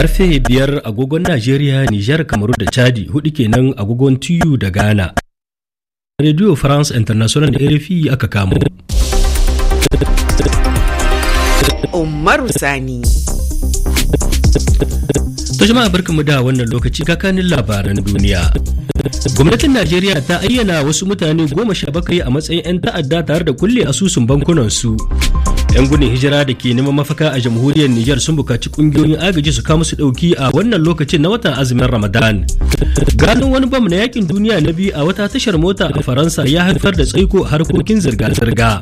Karfe biyar agogon Najeriya, Nijar, Kamaru da Chadi, hudu kenan agogon Tuyu da Ghana. Radio France International RFI aka kamo. Umaru Sani. To jama'a barkamu da wannan lokaci kakanin labaran duniya. Gwamnatin Najeriya ta ayyana wasu mutane goma sha bakwai a matsayin 'yan ta'adda tare da kulle asusun bankunan su 'Yan gudun hijira da ke neman mafaka a jamhuriyar Nijar sun bukaci kungiyoyin agaji su kama su ɗauki a wannan lokacin na watan azumin Ramadan. Ganin wani bam na yakin duniya na biyu a wata tashar mota a Faransa ya haifar da tsaiko harkokin zirga-zirga.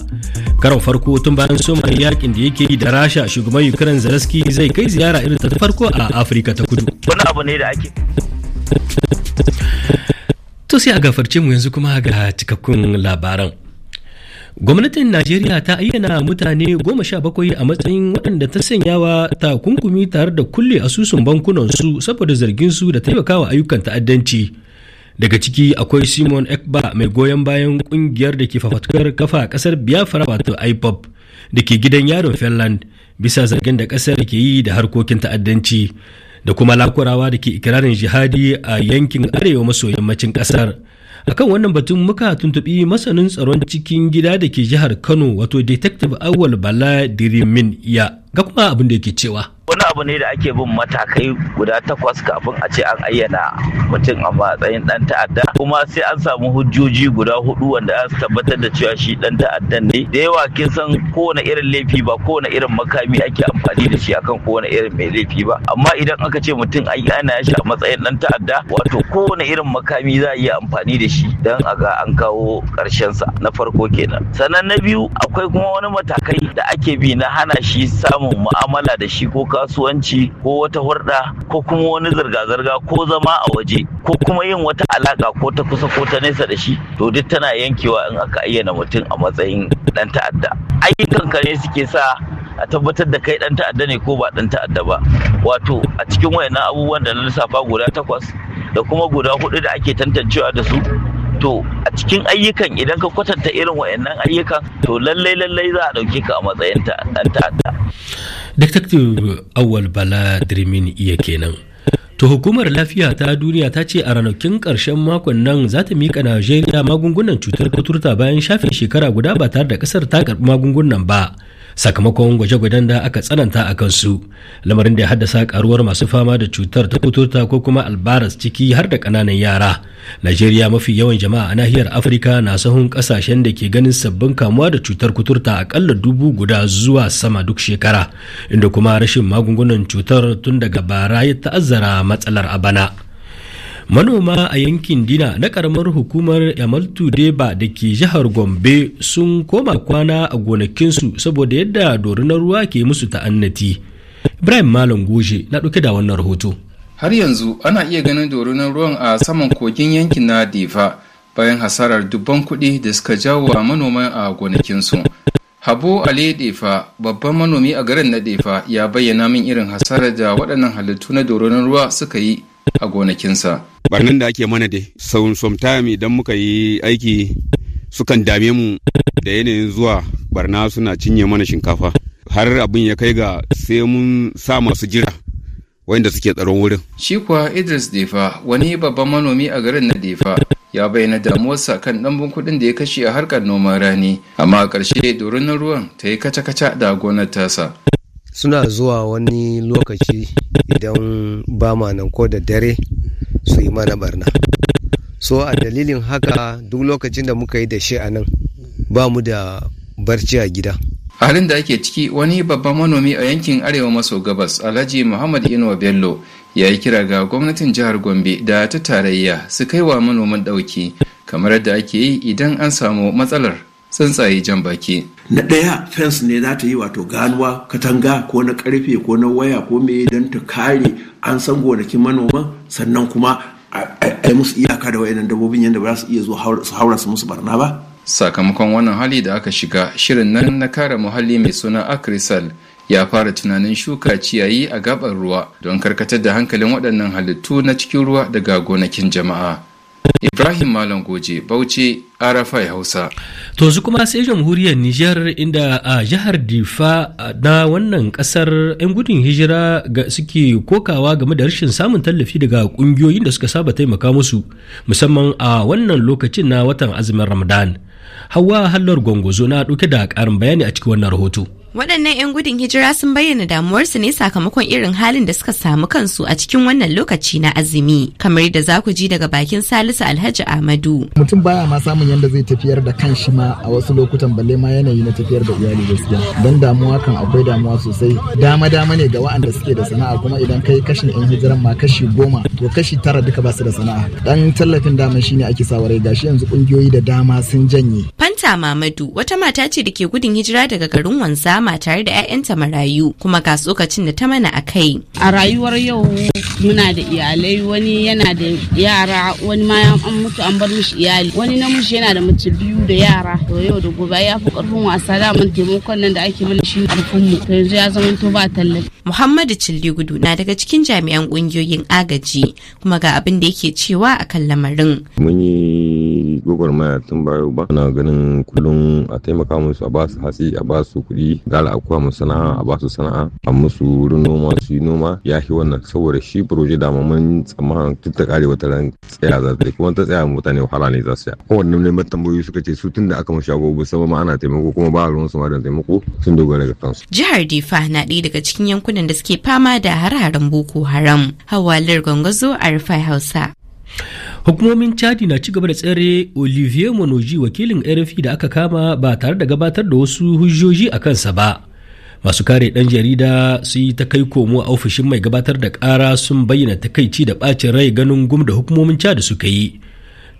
Karon farko tun bayan soma yakin da yake yi da Rasha shugaban Ukraine Zelensky zai kai ziyara irin ta farko a Afirka ta Kudu. Wani abu ne da ake To sai a gafarce mu yanzu kuma ga cikakkun labaran. Gwamnatin Najeriya ta ayyana mutane goma sha bakwai a matsayin waɗanda ta sanyawa takunkumi tare da kulle asusun bankunansu saboda zargin su da taimakawa ayyukan ta'addanci. Daga ciki akwai Simon Ekba mai goyon bayan ƙungiyar da ke fafatukar kafa kasar Biafra wato IPOP da ke gidan yaron Finland bisa zargin da kasar ke yi da harkokin ta'addanci da kuma lakurawa da ke ikirarin jihadi a yankin arewa maso yammacin kasar. kan wannan batun muka tuntubi masanin tsaron cikin gida da ke jihar kano wato detective awal bala dirimin ya ga kuma abin da yake cewa wani abu ne da ake bin matakai guda takwas kafin a ce an ayyana mutum a matsayin dan ta'adda kuma sai an samu hujjoji guda hudu wanda an tabbatar da cewa shi dan ta'addan ne da yawa kin san kowane irin laifi ba kowane irin makami ake amfani da shi akan kowane irin mai laifi ba amma idan aka ce mutum an ana shi a matsayin dan ta'adda wato kowane irin makami za a iya amfani da shi dan a ga an kawo karshen sa na farko kenan sannan na biyu akwai kuma wani matakai da ake bi na hana shi samun samun mu'amala da shi ko kasuwanci ko wata hurɗa ko kuma wani zirga-zirga ko zama a waje ko kuma yin wata alaka ko ta kusa ko ta nesa da shi to duk tana yankewa in aka ayyana mutum a matsayin ɗan ta'adda ka ne suke sa a tabbatar da kai dan ta'adda ne ko ba dan ta'adda ba wato a cikin wayannan abubuwan da na lissafa guda takwas da kuma guda hudu da ake tantancewa da su to a cikin ayyukan idan ka kwatanta irin wayannan ayyukan to lallai lallai za a ɗauki ka a matsayin ta ta'adda. Detective Awal Bala Dirmin iya kenan. To hukumar lafiya ta duniya ta ce a ranakun karshen makon nan za ta miƙa Najeriya magungunan cutar kuturta bayan shafin shekara guda ba tare da ƙasar ta karɓi magungunan ba. sakamakon gwaje-gwajen da aka tsananta a kansu lamarin da ya haddasa karuwar masu fama da cutar ta kuturta ko kuma albaras ciki har da kananan yara najeriya mafi yawan jama'a a nahiyar afirka na sahun kasashen da ke ganin sabbin kamuwa da cutar kuturta akalla dubu guda zuwa sama duk shekara inda kuma rashin magungunan cutar tun daga bara ya ta'azzara matsalar a bana manoma a yankin dina na karamar hukumar yamaltu deba da ke jihar gombe sun koma kwana a gonakinsu saboda yadda dorinar ruwa ke musu ta'annati ibrahim malam goje na ɗauke da wannan rahoto har yanzu ana iya ganin dorinar ruwan a saman kogin yankin na difa bayan hasarar dubban kuɗi da suka jawo wa manoman a gonakinsu Habo Ali Defa, babban manomi a garin na Defa, ya bayyana min irin hasarar da waɗannan halittu na doronin ruwa suka yi a gonakinsa. Barnan da ake mana dai, sometime idan muka yi aiki sukan dame mu da yanayin zuwa barna suna cinye mana shinkafa. Har abin ya kai ga sai mun sa masu jira wanda suke tsaron wurin. Shi kuwa Idris Defa wani babban manomi a garin na Defa ya bayyana damuwarsa kan ɗanbin kuɗin da ya kashe a harkar noman rani amma a ƙarshe dorinan ruwan ta yi kaca-kaca da gonar tasa. suna zuwa wani lokaci idan ba ma nan ko da dare su yi mana barna so a dalilin haka duk lokacin da muka yi da shi a nan ba mu da barci a gida halin da ake ciki wani babban manomi a yankin arewa maso gabas alhaji muhammad inuwa bello ya yi kira ga gwamnatin jihar gombe da ta tarayya su kai wa manoman ɗauki kamar yadda ake yi idan an samu matsalar tsuntsaye jan baki na ɗaya fence ne za ta yi wato ganuwa katanga ko na karfe ko na waya ko me don ta kare an san gonakin manoman sannan kuma a musu iyaka da wayannan dabbobin yadda ba su iya zuwa su haura su musu barna ba sakamakon wannan hali da aka shiga shirin nan na kare muhalli mai suna akrisal ya fara tunanin shuka ciyayi a gabar ruwa don karkatar da hankalin waɗannan halittu na cikin ruwa daga gonakin jama'a Ibrahim Malam Goje, Bauchi, Arafai Hausa. To su kuma sai jamhuriyar Nijar inda a jihar Difa na wannan kasar 'yan gudun hijira suke kokawa game da rashin samun tallafi daga kungiyoyin da suka saba taimaka musu musamman a wannan lokacin na watan azumin Ramadan. Hawa Hallar gwangwazo na ɗauke da ƙarin bayani a cikin wannan rahoto. Waɗannan 'yan gudun hijira sun bayyana damuwarsu ne sakamakon irin halin da suka samu kansu a cikin wannan lokaci na azumi. Kamar da za ku ji daga bakin Salisu Alhaji Ahmadu. Mutum baya ma samun yadda zai tafiyar da kan shi ma a wasu lokutan balle ma yanayi na tafiyar da iyali gaskiya. Don damuwa kan akwai damuwa sosai. Dama dama ne ga wa'anda suke da sana'a kuma idan kai kashin 'yan hijiran ma kashi goma to kashi tara duka ba su da sana'a. Dan tallafin daman shine ake sa rai gashi yanzu kungiyoyi da dama sun janye. Fanta Mamadu wata mata ce da ke gudun hijira daga garin Wanzama kama tare da 'ya'yanta marayu kuma ga tsokacin da ta mana a kai. A rayuwar yau muna da iyalai wani yana da yara wani ma an mutu an bar mishi iyali wani namiji yana da mace biyu da yara to yau da gobe ya fi karfin wasa daman taimakon nan da ake mana shi karfin mu to yanzu ya zama to ba tallafi. Muhammadu Cilli Gudu na daga cikin jami'an kungiyoyin agaji kuma ga abin da yake cewa akan lamarin. Mun yi gogor maya tun ba yau ba ana ganin kullum a taimaka musu a basu hatsi a basu kuɗi gala a mu sana'a a basu sana'a a musu wurin noma su yi noma ya fi wannan saboda shi proje da mun tsammanin tun kare wata ran tsaya za ta kuma ta tsaya mutane wahala ne za su ya kowanne neman tambayoyi suka ce su tun da aka a gobe sama ma ana taimako kuma ba ruwan su ma da taimako sun dogara ga kansu. jihar difa na ɗaya daga cikin yankunan da suke fama da hare boko haram hawalar gangazo a rufai hausa. hukumomin chadi na ci gaba da tsare olivier monoji wakilin rfi da aka kama ba tare da gabatar da wasu hujjoji a kansa ba masu kare dan jarida su yi ta kai komo a ofishin mai gabatar da kara sun bayyana takaici da bacin rai ganin gum da hukumomin chadi suka yi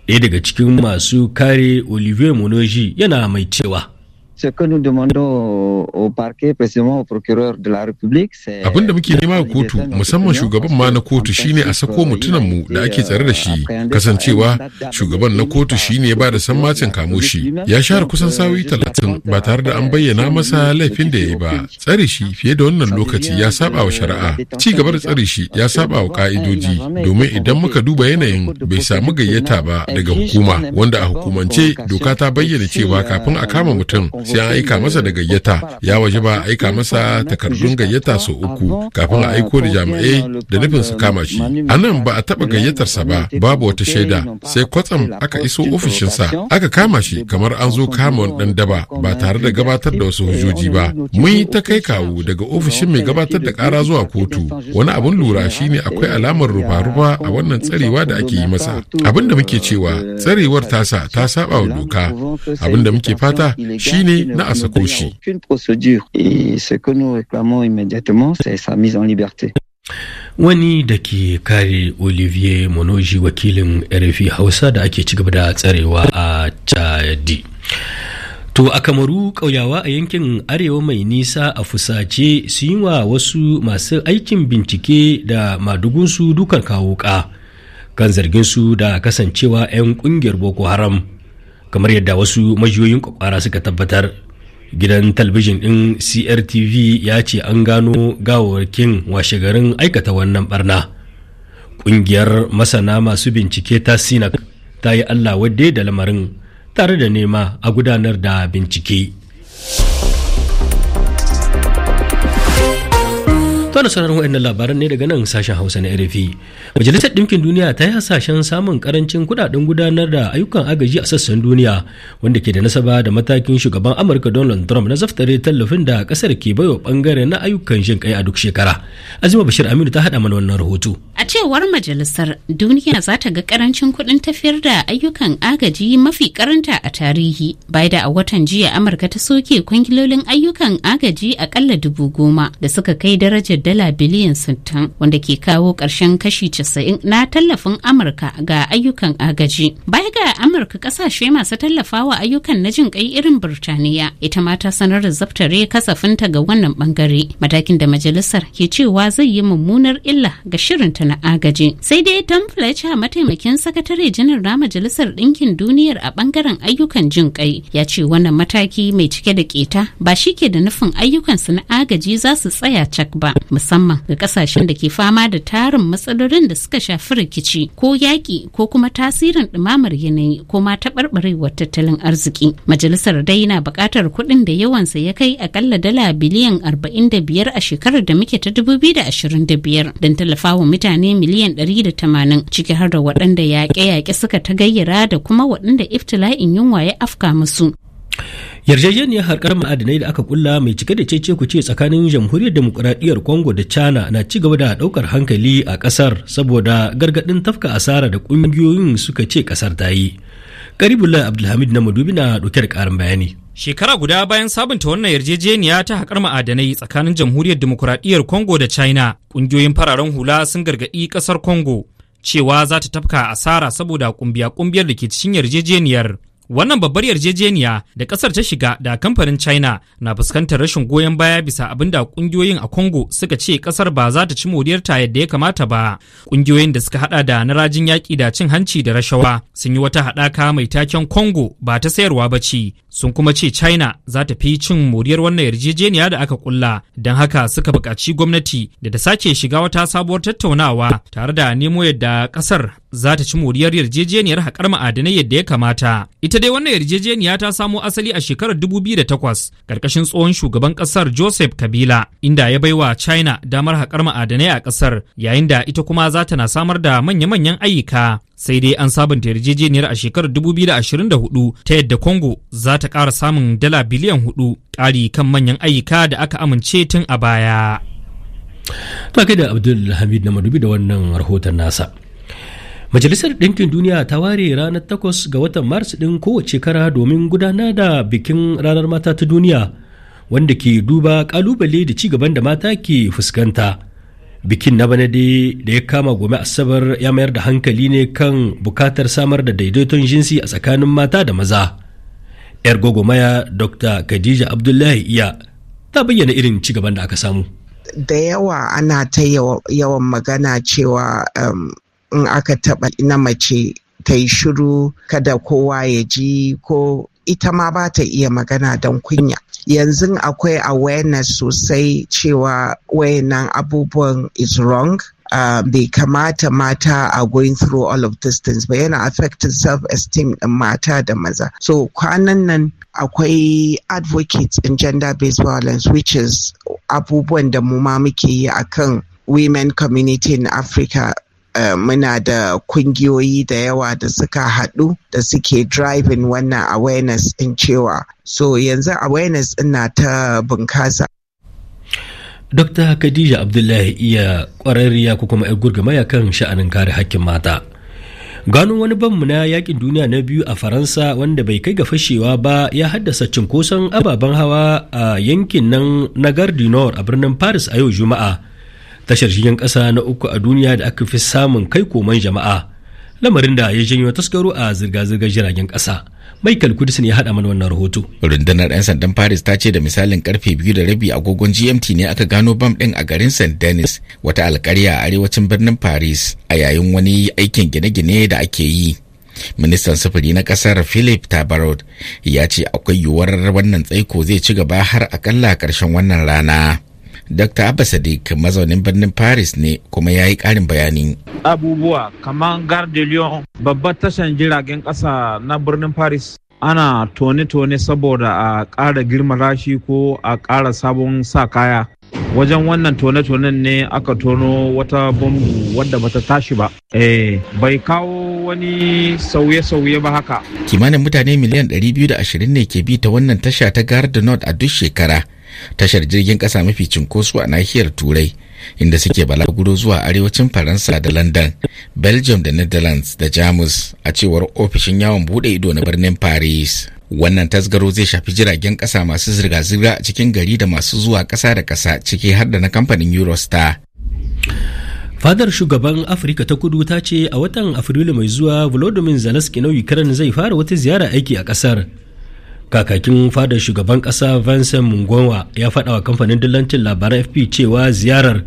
ɗaya daga cikin masu kare olivier monoji yana mai cewa ce que nous demandons au, parquet précisément au procureur de la République c'est abin da muke nema a kotu musamman shugaban ma na kotu shine a sako mutunan mu da ake tsare da euh, shi kasancewa shugaban na kotu shine ba da sammacin kamo shi ya share kusan euh, sawi talatin ba tare da an bayyana masa laifin da ya yi ba tsare shi fiye da wannan lokaci ya saba wa shari'a ci gaba da tsare shi ya saba wa ka'idoji domin idan muka duba yanayin bai samu gayyata ba daga hukuma wanda a hukumance doka ta bayyana cewa kafin a kama euh, mutum sai an aika masa da gayyata ya waje ba aika masa takardun gayyata sau uku kafin a aiko da jami'ai da nufin su kama shi a nan ba a taba gayyatarsa ba babu wata shaida sai kwatsam aka iso ofishinsa aka kama shi kamar an zo kama wani dan daba ba tare da gabatar da wasu hujjoji ba mun yi ta kai kawo daga ofishin mai gabatar da kara zuwa kotu wani abun lura shine akwai alamar rufa-rufa a wannan tsarewa da ake yi masa abin da muke cewa tsarewar tasa ta saba wa doka abin da muke fata shine na asa koshi. procédure Wani da ke kare Olivier Monoji wakilin RFI Hausa da ake ci gaba da tsarewa a Chadi. To a kamaru ƙauyawa a yankin arewa mai nisa a fusace su yi wa wasu masu aikin bincike da madugunsu dukan kawo ka kan zargin su da kasancewa 'yan ƙungiyar Boko Haram. kamar yadda wasu majiyoyin kwakwara suka tabbatar gidan talbijin ɗin crtv ya ce an gano gawarkin washegarin aikata wannan barna ƙungiyar masana masu bincike ta sinak ta yi allah wadde da lamarin tare da nema a gudanar da bincike. Kuna sauraron waɗannan labaran ne daga nan sashen Hausa na RFI. Majalisar Ɗinkin Duniya ta yi hasashen samun karancin kuɗaɗen gudanar da ayyukan agaji a sassan duniya wanda ke da nasaba da matakin shugaban Amurka Donald Trump na zaftare tallafin da kasar ke wa ɓangare na ayyukan jin kai a duk shekara. Azima Bashir Aminu ta haɗa mana wannan rahoto. A cewar majalisar duniya za ta ga karancin kuɗin tafiyar da ayyukan agaji mafi karanta a tarihi bai da a watan jiya Amurka ta soke kwangilolin ayyukan agaji akalla dubu goma da suka kai darajar dala biliyan 60 wanda ke kawo ƙarshen kashi 90 na tallafin Amurka ga ayyukan agaji. Baya ga Amurka ƙasashe masu tallafawa ayyukan na jin kai irin Birtaniya ita ma ta sanar da zaftare kasafinta ga wannan bangare matakin da majalisar ke cewa zai yi mummunar illa ga shirinta na agaji. Sai dai Tom Fletcher mataimakin sakatare janar na majalisar ɗinkin duniyar a bangaren ayyukan jin kai ya ce wannan mataki mai cike da keta ba shi ke da nufin ayyukansu na agaji za su tsaya cak ba. musamman ga kasashen da ke fama da tarin matsalolin da suka shafi rikici ko yaƙi ko kuma tasirin ɗumamar yanayi ko ma taɓarɓarewar tattalin arziki. Majalisar dai na buƙatar kuɗin da yawansa ya kai akalla dala biliyan 45 a shekarar da muke ta 2025 don tallafawa mutane miliyan 180 ciki har da waɗanda yaƙe-yaƙe suka ta gayyara da kuma waɗanda iftila'in yunwa ya afka musu. yarjejeniyar harkar ma'adinai da aka kulla mai cike da cece ku ce tsakanin jamhuriyar demokuraɗiyyar congo da china na ci gaba da ɗaukar hankali a ƙasar saboda gargaɗin tafka asara da ƙungiyoyin suka ce kasar ta yi karibullah abdulhamid na madubi na ɗauke da ƙarin bayani shekara guda bayan sabunta wannan yarjejeniya ta haƙar ma'adanai tsakanin jamhuriyar demokuraɗiyyar congo da china ƙungiyoyin fararen hula sun gargaɗi ƙasar congo cewa za ta tafka asara saboda kumbiya kumbiyar da ke cikin yarjejeniyar Wannan babbar yarjejeniya da kasar ta shiga da kamfanin China na fuskantar rashin goyon baya bisa abin da kungiyoyin a Congo suka ce kasar ba za ta ci moriyarta yadda ya kamata ba. Kungiyoyin da suka hada da na rajin yaƙi da cin hanci da rashawa sun yi wata haɗaka mai taken Congo ba ta sayarwa ba ce, sun kuma ce China za ta fi cin moriyar wannan yarjejeniya da aka kulla, don haka suka buƙaci gwamnati da ta sake shiga wata sabuwar tattaunawa tare da nemo yadda ƙasar za ta ci moriyar yarjejeniyar haƙar ma'adanai yadda ya kamata. Ita dai wannan yarjejeniya ta samo asali a shekarar dubu biyu da takwas ƙarƙashin tsohon shugaban ƙasar Joseph Kabila, inda ya baiwa China damar haƙar ma'adanai a ƙasar, yayin da ita kuma za ta na samar da manya-manyan ayyuka. sai dai an sabunta yarjejeniyar a shekarar 2024 ta yadda Congo za ta ƙara samun dala biliyan hudu ƙari kan manyan ayyuka da aka amince tun a baya. Ta kai da Abdul Hamid na madubi da wannan rahoton nasa. Majalisar Ɗinkin Duniya ta ware ranar takwas ga watan Maris ɗin kowace kara domin gudanar da bikin ranar mata ta duniya wanda ke duba ƙalubale da ci gaban da mata ke fuskanta. bikin na bana da ya kama gobe asabar ya mayar da hankali ne kan bukatar samar da daidaiton jinsi a tsakanin mata da maza yar gogomaya dr khadija abdullahi iya ta bayyana irin cigaban da aka samu da yawa ana ta yawan magana cewa um, in aka taɓa na mace ta yi shiru kada kowa ya ji ko ita ma ba ta iya magana don kunya yanzu akwai awareness sosai cewa wayannan abubuwan is wrong Uh, bai kamata mata are going through all of these things ba yana affecting self-esteem din mata da maza so kwanan nan akwai advocates in gender-based violence which is abubuwan da mu ma muke yi akan women community in africa Eh, muna da kungiyoyi da yawa da suka haɗu da suke driving wannan awareness in cewa so yanzu awareness ɗin na ta bunkasa Dr. Khadija Abdullahi iya ƙwararriya ko kuma 'yar gurgamaya kan sha'anin kare hakkin mata. Gano wani banmu na yakin duniya na biyu a Faransa wanda bai kai ga fashewa ba ya haddasa cinkoson ababen hawa a yankin nan na Gardinor a birnin Paris a yau Juma'a. tashar jirgin kasa na uku a duniya da aka fi samun kai koman jama'a lamarin da ya janyo taskaro a zirga-zirgar jiragen kasa, michael kudisin ya haɗa mana wannan rahoto rundunar 'yan sandan paris ta ce da misalin karfe biyu da rabi agogon gmt ne aka gano bam ɗin a garin st denis wata alkarya a arewacin birnin paris a yayin wani aikin gine-gine da ake yi ministan sufuri na kasar philip tabarot ya ce akwai yiwuwar wannan tsaiko zai ci gaba har akalla karshen wannan rana Dr. Abba Sadiq mazaunin birnin Paris ne kuma ya yi ƙarin bayani. Abubuwa kamar Gare de Lyon babbar tashan jiragen ƙasa na birnin Paris ana tone-tone saboda a ƙara girma rashi ko a ƙara sabon sa kaya. Wajen wannan tone-tonen ne aka tono wata bambu wadda bata tashi ba. Eh, bai kawo wani sauye-sauye ba haka. Kimanin mutane miliyan 220 ne ke bi ta wannan tasha ta Gare de Nord a duk shekara. tashar jirgin kasa mafi cinkoso a nahiyar turai inda suke balaguro zuwa arewacin faransa da london belgium da netherlands da jamus a cewar ofishin yawon bude ido na birnin paris wannan tasgaro zai shafi jiragen kasa masu zirga-zirga a cikin gari da masu zuwa kasa da kasa ciki har da na kamfanin eurostar fadar shugaban afirka ta kudu ta ce a watan afrilu mai zuwa volodymyr zelensky na ukraine zai fara wata ziyara aiki a kasar kakakin fadar shugaban kasa vincent mungonwa ya fada wa kamfanin dillancin labaran fp cewa ziyarar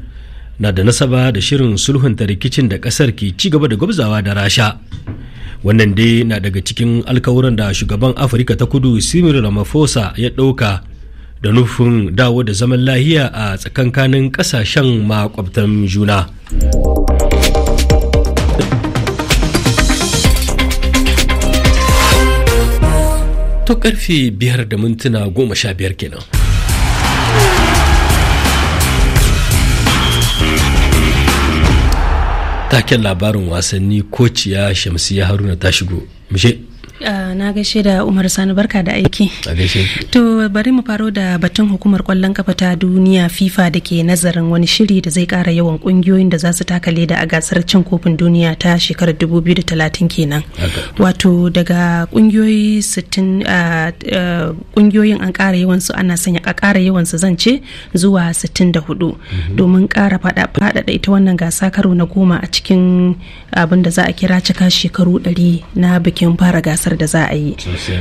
na da nasaba da shirin sulhunta rikicin da kasar ke ci gaba da gwabzawa da rasha wannan dai na daga cikin alkawuran da shugaban afirka ta kudu simir ramaphosa ya ɗauka da nufin dawo da zaman lahiya a tsakankanin ƙasashen makwabtan juna ko karfe biyar da mintuna goma sha biyar kenan taken labarin wasanni kociya shamsiya haruna ta shigo Ah, na gaishe da umar sani barka da aiki to bari mu faro da batun hukumar kwallon kafa ta duniya fifa da ke nazarin wani shiri da zai kara yawan kungiyoyin da za su taka leda a gasar cin kofin duniya ta shekarar 2030 kenan wato daga kungiyoyin ah, ah, an kara yawan su ana sanya a kara yawan su ce zuwa da hudu mhm. domin kara fada ita wannan gasa karo na goma a cikin abin da za a kira cika shekaru 100 na bikin fara gasar gasar da za a yi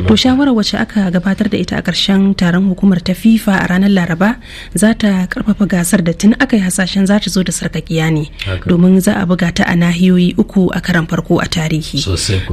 to shawarar wacce aka gabatar da ita a ƙarshen taron hukumar ta fifa a ranar laraba za ta karfafa gasar da tun aka yi hasashen za ta zo da sarkakiya ne domin za a buga ta a nahiyoyi uku a karan farko a tarihi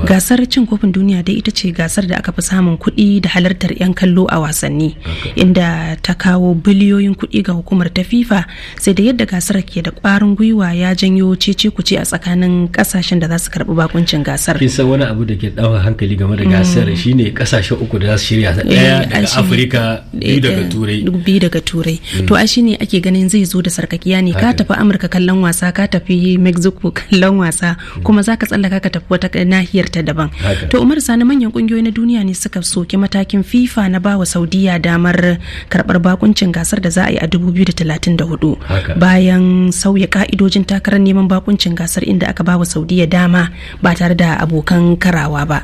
gasar cin kofin duniya dai ita ce gasar da aka fi samun kuɗi da halartar 'yan kallo a wasanni inda ta kawo biliyoyin kuɗi ga hukumar ta fifa sai da yadda gasar ke da ƙwarin gwiwa ya janyo cece kuce a tsakanin ƙasashen da za su karɓi bakuncin gasar. Kisa wani abu da ke ɗaukar hankali ga game da gasar mm. shine kasashe uku da za su shirya ta eh, daya daga afirka eh, biyu daga turai biyu daga turai to a shine ake ganin zai zo da sarkakiya ne ka tafi amurka kallon wasa ka tafi mexico kallon wasa mm. kuma zaka tsallaka ka tafi wata nahiyar ta daban to umar sani manyan kungiyoyi na duniya ne suka soki matakin fifa na bawa saudiya damar karbar bakuncin gasar da za a yi a 2034 bayan sauya ka'idojin takarar neman bakuncin gasar inda aka bawa saudiya dama ba tare da abokan karawa ba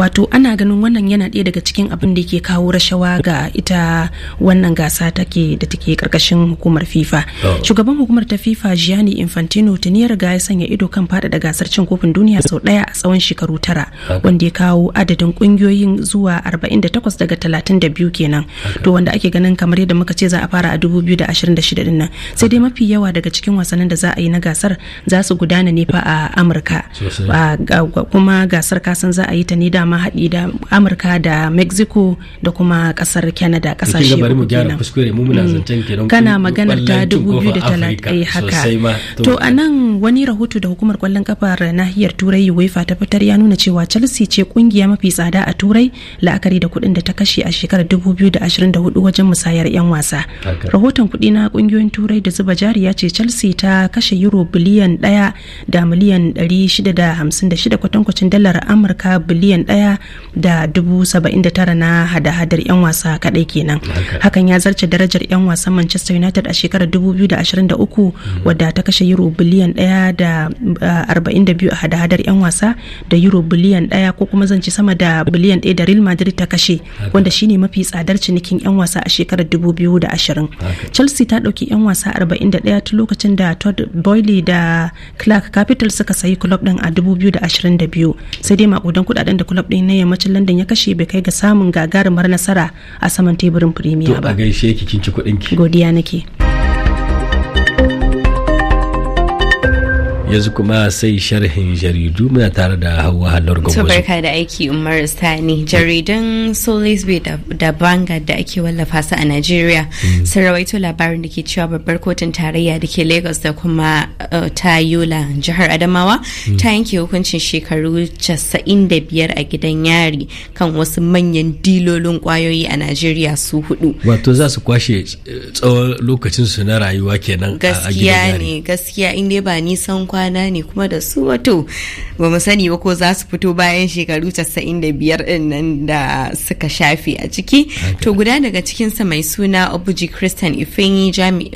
wato ana ganin wannan yana ɗaya daga cikin abin da ke kawo rashawa ga ita wannan gasa take da take karkashin hukumar fifa oh. shugaban hukumar ta fifa gianni infantino tuni ya riga ya sanya ido kan faɗaɗa gasar cin kofin duniya sau ɗaya a tsawon shekaru tara wanda ya kawo adadin ƙungiyoyin zuwa 48 daga 32 kenan to wanda ake ganin kamar yadda muka ce za a fara a 2026 din nan sai dai mafi yawa daga cikin wasannin da za a yi na gasar za su gudana ne fa a amurka kuma gasar kasan za a yi ta ne dama mahaɗi da amurka da mexico da kuma kasar canada kasashe bari mu mm. kana maganar ta dubu biyu da kana eh, haka to a nan wani rahoto da hukumar kwallon kafar nahiyar turai uefa ta fitar ya nuna cewa chelsea ce kungiya mafi tsada a turai la'akari da kuɗin da ta kashe a shekarar dubu biyu da da ashirin hudu wajen musayar 'yan wasa rahoton kuɗi na kungiyoyin turai da zuba jari ya ce chelsea ta kashe euro biliyan ɗaya da miliyan shida da da hamsin shida kwatankwacin dalar amurka biliyan ɗaya. ɗaya da dubu saba'in da tara na hada-hadar 'yan wasa kadai kenan hakan ya zarce darajar 'yan wasan manchester united a shekarar 2023 hmm. wadda ta kashe euro biliyan daya da eh, arba'in da biyu a hada-hadar 'yan wasa da euro biliyan daya ko kuma zan ci sama da biliyan daya da real madrid ta kashe wanda shine mafi tsadar cinikin 'yan wasa a shekarar 2020 chelsea ta dauki 'yan wasa 41 ta lokacin da todd boyle da clark capital suka sayi club din a 2022 sai dai makudan kudaden da club ɗin na yammacin london ya kashe bai kai ga samun gagarumar nasara a saman teburin premier ba to a gaishe ki kin ci kuɗin ki godiya nake yanzu kuma sai sharhin jaridu muna tare da hawa halar gwamnati. barka da aiki umar sani jaridun salisbury da banga da ake wallafa su a nigeria hmm. sun rawaito labarin da ke cewa babbar kotun tarayya da ke lagos da kuma uh, ta yola jihar adamawa hmm. ta yanke hukuncin shekaru casa'in 95 a gidan yari kan wasu manyan dilolin kwayoyi a nigeria su hudu wato za su kwashe eh, tsawon lokacin su na rayuwa kenan a gidan yari gaskiya ne gaskiya in ba nisan kwa kwana ne kuma da su wato ba mu sani ba ko za su fito bayan shekaru 95 din nan da suka shafe a ciki to guda daga cikinsa mai suna obuji christian ifeanyi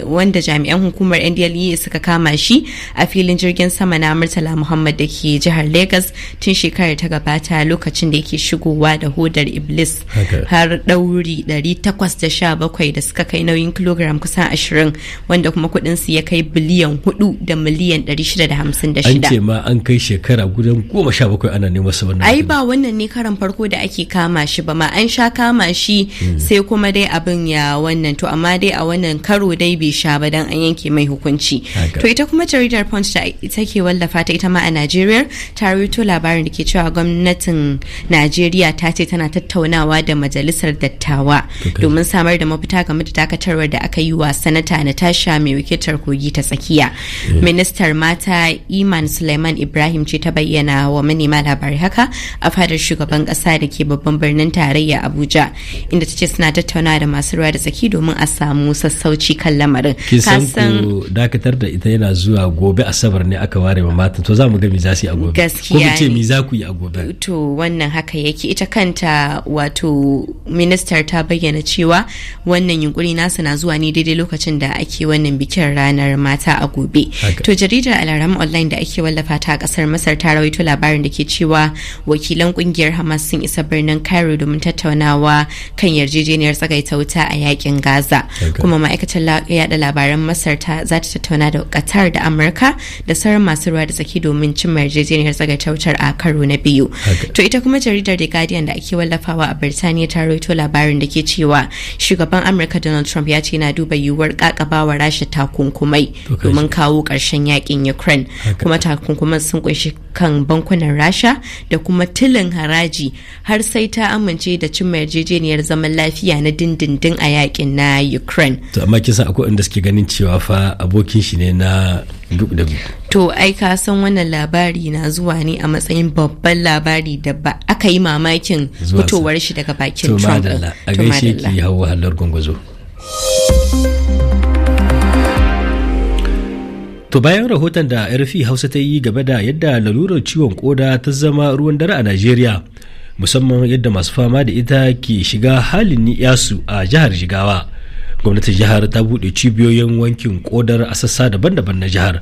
wanda jami'an hukumar ndla e suka kama shi a filin jirgin sama na murtala muhammad da ke jihar lagos tun shekarar ta gabata lokacin da yake shigowa da hodar iblis har ɗauri 817 da suka kai nauyin kilogram kusan 20 wanda kuma su ya kai biliyan 4 da miliyan shida. an ce ma an kai shekara gudan goma sha bakwai ana neman sa wannan ai ba wannan ne karan farko da ake kama shi ba ma an sha kama shi hmm. sai kuma dai abin ya wannan to amma dai a wannan karo dai bai sha ba dan an yanke mai hukunci to ita kuma jaridar punch da ita ke wallafa ta ita ma a Najeriya ta rawaito labarin da ke cewa gwamnatin Najeriya ta ce tana tattaunawa da majalisar dattawa domin samar da mafita game da dakatarwar da aka yi wa sanata Natasha mai wakiltar kogi ta tsakiya hmm. ministar mata Iman Suleiman Ibrahim ce ta bayyana wa manema labarai haka a fadar shugaban kasa da ke babban birnin tarayya Abuja inda ta ce suna tattauna da masu ruwa da tsaki domin a samu sassauci kan lamarin. ki san ku dakatar da ita yana zuwa gobe asabar ne aka ware ma matan to za mu ga me za su yi a gobe. Gaskiya ce mi za ku yi a gobe. To wannan haka yake ita kanta wato ministar ta bayyana cewa wannan yunkuri nasu na zuwa ne daidai lokacin da ake wannan bikin ranar mata a gobe. To jaridar Alaram platform online da ake wallafa ta kasar Masar ta rawaito labarin da ke cewa wakilan kungiyar Hamas sun isa birnin Cairo domin tattaunawa kan yarjejeniyar tsagaita wuta a yakin Gaza. Kuma ma'aikatar yada labaran Masar ta za ta tattauna da Qatar da Amurka da sauran masu ruwa da tsaki domin cimma yarjejeniyar tsagaita wutar a karo na biyu. To ita kuma jaridar The Guardian da ake wallafawa a Birtaniya ta rawaito labarin da ke cewa shugaban Amurka Donald Trump ya ce na duba yiwuwar kakabawa Rasha takunkumai domin kawo ƙarshen yakin Ukraine. ukraine kuma takunkuman sun kunshi kan bankunan rasha da kuma tilin haraji har sai ta amince da cimma yarjejeniyar zaman lafiya na dindindin a yakin na ukraine to amma kisa akwai inda suke ganin cewa fa abokin shi ne na duk da to ai ka san wannan labari na zuwa ne a matsayin babban labari da ba aka yi mamakin fitowar shi daga bakin trump to madalla a gaishe ki hawa halar gwangwazo To bayan rahoton da RFI Hausa ta yi game da yadda lalurar ciwon koda ta zama ruwan dare a Najeriya, musamman yadda masu fama da ita ke shiga halin yasu a jihar Jigawa. Gwamnatin jihar ta buɗe cibiyoyin wankin kodar a sassa daban-daban na jihar.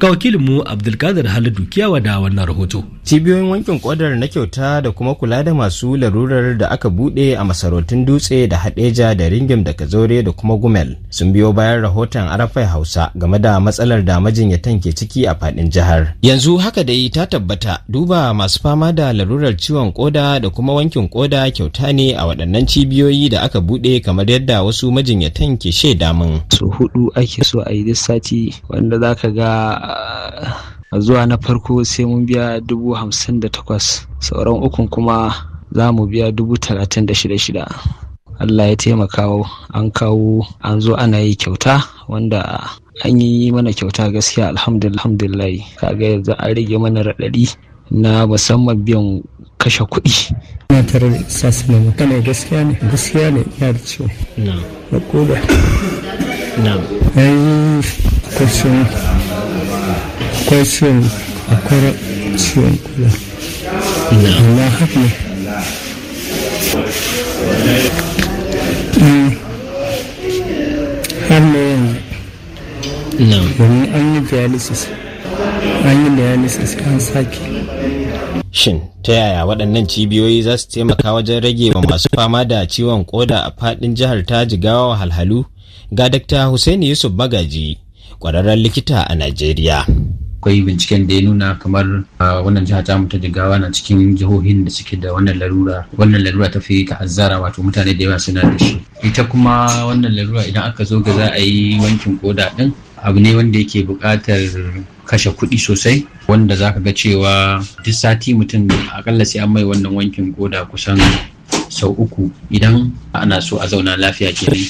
ga wakilinmu abdulkadir halidu kiyawa da wannan rahoto cibiyoyin wankin kodar na kyauta da kuma kula da masu larurar da aka bude a masarautun dutse da hadeja da ringim da kazore da kuma gumel sun biyo bayan rahoton arafai hausa game da matsalar da majinyatan ke ciki a fadin jihar yanzu haka dai ta tabbata duba masu fama da larurar ciwon koda da kuma wankin koda kyauta ne a waɗannan cibiyoyi da aka bude kamar yadda wasu majinyatan ke shaida min su hudu ake so a yi duk sati wanda zaka ga zuwa na farko sai mun biya dubu hamsin da takwas sauran ukun kuma za mu biya dubu talatin da shida shida allah ya taimaka an kawo an zo ana yi kyauta wanda an yi mana kyauta gaskiya alhamdulillahi. kaga yanzu an rage mana raɗaɗi na musamman biyan kashe kuɗi. matar sasu na magana gaskiya ne gaskiya ne ya da ciwo na da Na na kashin akwai a akwai ciwon kula amma haka ne mm. shin ta yaya waɗannan cibiyoyi za su taimaka wajen rage wa masu fama da ciwon koda a faɗin jihar ta jigawa halhalu ga Dr. Hussaini Yusuf Bagaji kwararren likita a Najeriya. akwai binciken da ya nuna kamar a wannan jiha ta ta jigawa na cikin jihohin da suke da wannan larura wannan larura ta fi ta'azzara wato mutane da yawa suna da shi ita kuma wannan larura idan aka zo ga za a yi wankin koda din abu ne wanda yake buƙatar kashe kuɗi sosai wanda za ka ga cewa duk sati mutum akalla sai an mai wannan wankin koda kusan sau uku idan ana so a zauna lafiya kenan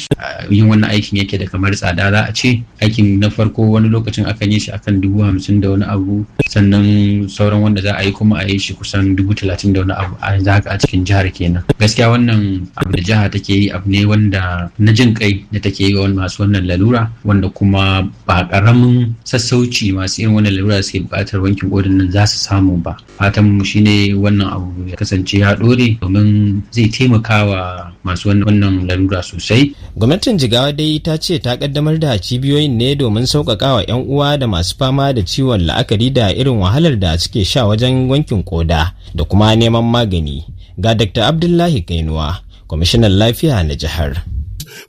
yin wannan aikin yake da kamar tsada za a ce aikin na farko wani lokacin akan yi shi akan dubu hamsin da wani abu sannan sauran wanda za a yi kuma a yi shi kusan dubu talatin da wani abu a haka a cikin jihar kenan gaskiya wannan abu da jiha take yi abu ne wanda na jin kai da take yi wa masu wannan lalura wanda kuma ba karamin sassauci masu irin wannan lalura suke buƙatar wankin kodin nan za su samu ba fatan mu shine wannan abu ya kasance ya dore domin zai taimaka wa masu wannan lalura sosai gwamnatin jigawa dai ta ce ta kaddamar da cibiyoyin ne domin sauƙaƙa wa 'yan uwa da masu fama da ciwon la'akari da irin wahalar da suke sha wajen wankin koda da kuma neman magani ga dr abdullahi kainuwa kwamishinan lafiya na jihar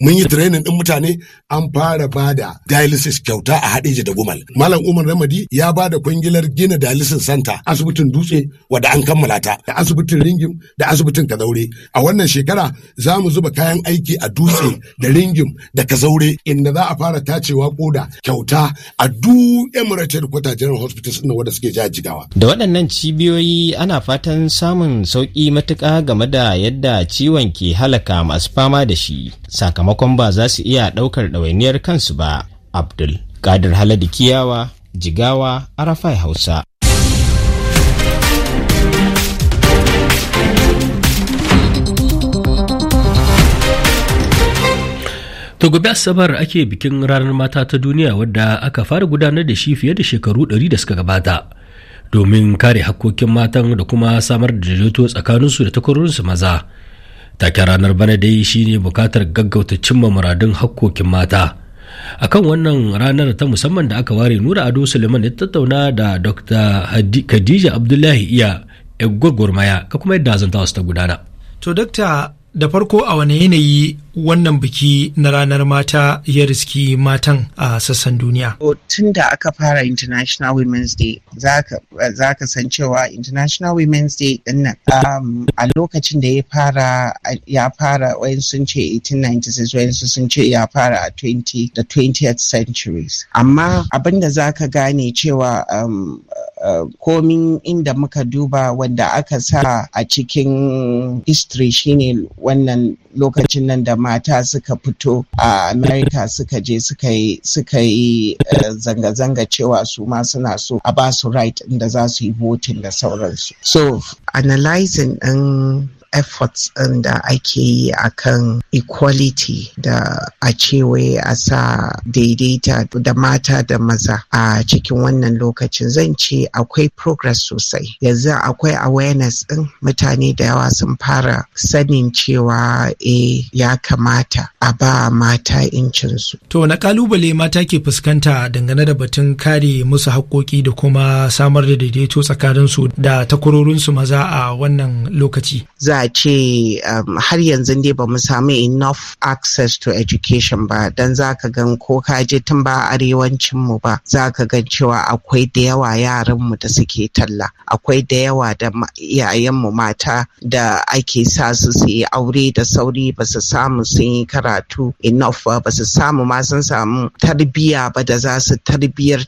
mun yi training din mutane an fara bada dialysis kyauta a Hadeji da Gumal Malam Umar Ramadi ya ba da kwangilar gina dialysis center asibitin Dutse wadda an kammala ta da asibitin Ringim da asibitin Kazaure a wannan shekara za mu zuba kayan aiki a Dutse da Ringim da Kazaure inda za a fara tacewa koda kyauta a duk Emirates kwata General Hospitals din wanda suke ja Jigawa da waɗannan cibiyoyi ana fatan samun sauki matuƙa game da yadda ciwon ke halaka masu fama da shi sakamakon ba za su iya ɗaukar ɗawainiyar kansu ba abdul kadir haladu kiyawa jigawa arafai hausa To gobe Asabar ake bikin ranar mata ta duniya wadda aka fara gudanar da shi fiye da shekaru ɗari da suka gabata domin kare hakkokin matan da kuma samar da daidaito tsakaninsu da takwarorinsu maza. taken ranar bana dai shine bukatar gaggauta cimma muradun hakkokin mata akan wannan ranar ta musamman da aka ware nura ado suleiman ya tattauna da dr khadija abdullahi iya gwagwarmaya ka kuma yadda zanta wasu ta gudana to dakta da farko a wani yanayi wannan biki na ranar mata ya riski matan a sassan duniya? Tun da aka fara International Women's Day, za ka san cewa International Women's Day nan um, a lokacin da ya fara wayan sun ce 1896 wayan sun ce ya fara a 20 da 20th centuries. Amma abin da za ka gane cewa um, Uh, komin inda muka duba wanda aka sa a cikin history shine wannan lokacin nan da mata suka fito a Amerika suka je suka yi suka yi eh, zanga-zanga cewa su ma suna so a ba su right inda za su yi voting da sauransu. So analyzing ɗin efforts ɗin da ake yi akan equality da a cewa a sa daidaita da mata da maza a cikin wannan lokacin zan ce akwai progress sosai yanzu akwai awareness ɗin mutane da yawa sun fara sanin cewa e ya kamata a ba mata incinsu. To na kalubale mata ke fuskanta dangane da batun kare musu haƙoƙi da kuma samar da daidaito tsakaninsu da takwarorinsu maza a wannan lokaci. Za ce um, har yanzu dai ba mu samu enough access to education ba don za ka gan ko ka je tun ba arewacin mu ba za ka gan cewa akwai da yawa yaran mu da suke talla akwai da yawa da iyayen mu mata da ake sa su su yi aure da sauri ba su samu sun yi karatu enough ba ba su samu ma sun samu tarbiyya ba da za su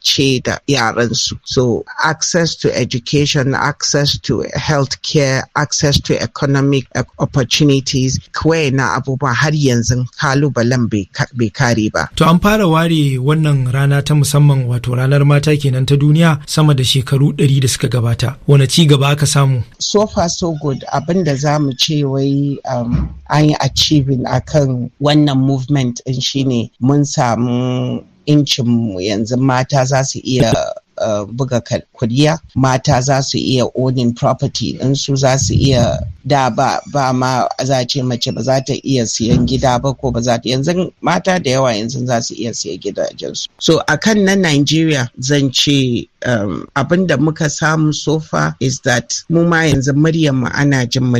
ce da yaransu so access to education access to health care access to economy. economic uh, opportunities kawai na abubuwa har yanzu kalubalen bai kare ba. To an fara ware wannan rana ta musamman wato ranar mata kenan ta duniya sama da shekaru ɗari da suka gabata. Wane ci gaba aka samu? So far so good abin da za mu ce wai um, an yi achieving akan wannan movement ɗin shine mun samu incin yanzu mata za su iya Eh, buga kuriya mata za su iya owning property in su za su iya da ba ba ma za ce mace ba za ta iya siyan gida ba ko ba za ta yanzu mata da yawa yanzu za su iya siya gidajensu so a kan na Najeriya zan ce um, abin muka samu sofa is that mu ma yanzu Maryam ana jin mu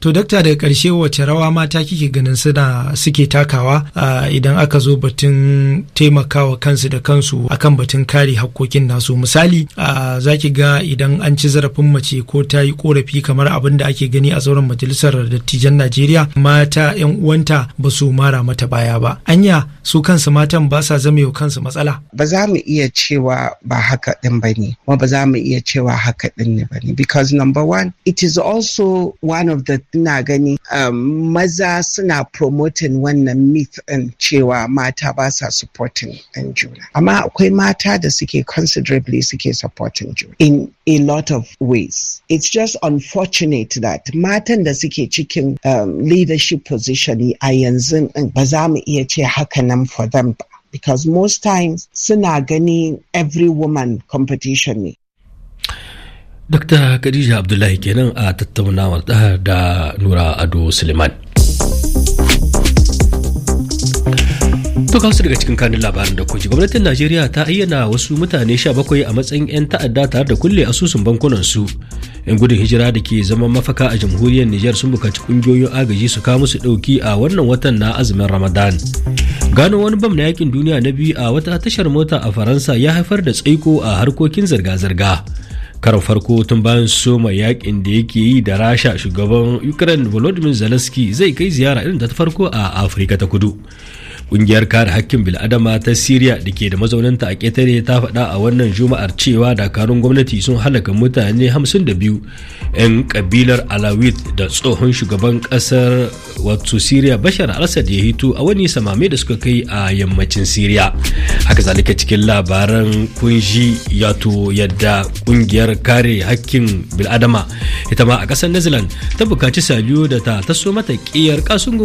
To dakta da karshe wace rawa mata kike ganin suna suke takawa uh, idan aka zo batun taimakawa kansu da kansu akan batun kare hakkokin nasu misali uh, za ki ga idan an ci zarafin mace ko ta yi korafi kamar abin da ake gani a sauran majalisar dattijan Najeriya mata 'yan uwanta ba su mara mata baya ba. Anya su kansu matan ba sa zamewa kansu matsala. Ba za mu iya cewa ba haka ba ne kuma ba za mu iya cewa haka ne ba ne because number one it is also one of the ina gani um, maza suna promoting wannan myth din cewa mata ba sa supporting din juna amma akwai mata da suke considerably suke supporting juna in a lot of ways it's just unfortunate that matan da suke cikin um, leadership position a yanzu and ba za mu iya ce haka nan for them because most times suna gani every woman competition ne. Dr. Khadija Abdullahi kenan a tattaunawar da Nura Ado Suleiman. To kansu daga cikin kanin labarin da kuji gwamnatin Najeriya ta ayyana wasu mutane 17 a matsayin 'yan ta'adda tare da kulle asusun bankunansu. 'Yan gudun hijira da ke zaman mafaka a jamhuriyar Nijar sun bukaci kungiyoyin agaji su kawo musu ɗauki a wannan watan na azumin Ramadan. Gano wani bam na yakin duniya na biyu a wata tashar mota a Faransa ya haifar da tsaiko a harkokin zirga-zirga. Karin farko tun bayan soma yakin da yake yi da rasha shugaban ukraine volodymyr zelensky zai kai ziyara irin ta farko a afirka ta kudu Ƙungiyar kare hakkin bil'adama ta Siriya da ke da mazauninta a ƙetare ta faɗa a wannan juma'ar cewa dakarun gwamnati sun halaka mutane 52 'yan ƙabilar Alawit da tsohon shugaban ƙasar wato Siriya Bashar al-Assad ya hito a wani samame da suka kai a yammacin Siriya. Haka zalika cikin labaran kunji yato yadda ƙungiyar kare hakkin bil'adama ita ma a ƙasar New ta bukaci Saliyo da ta taso mata ƙiyar kasun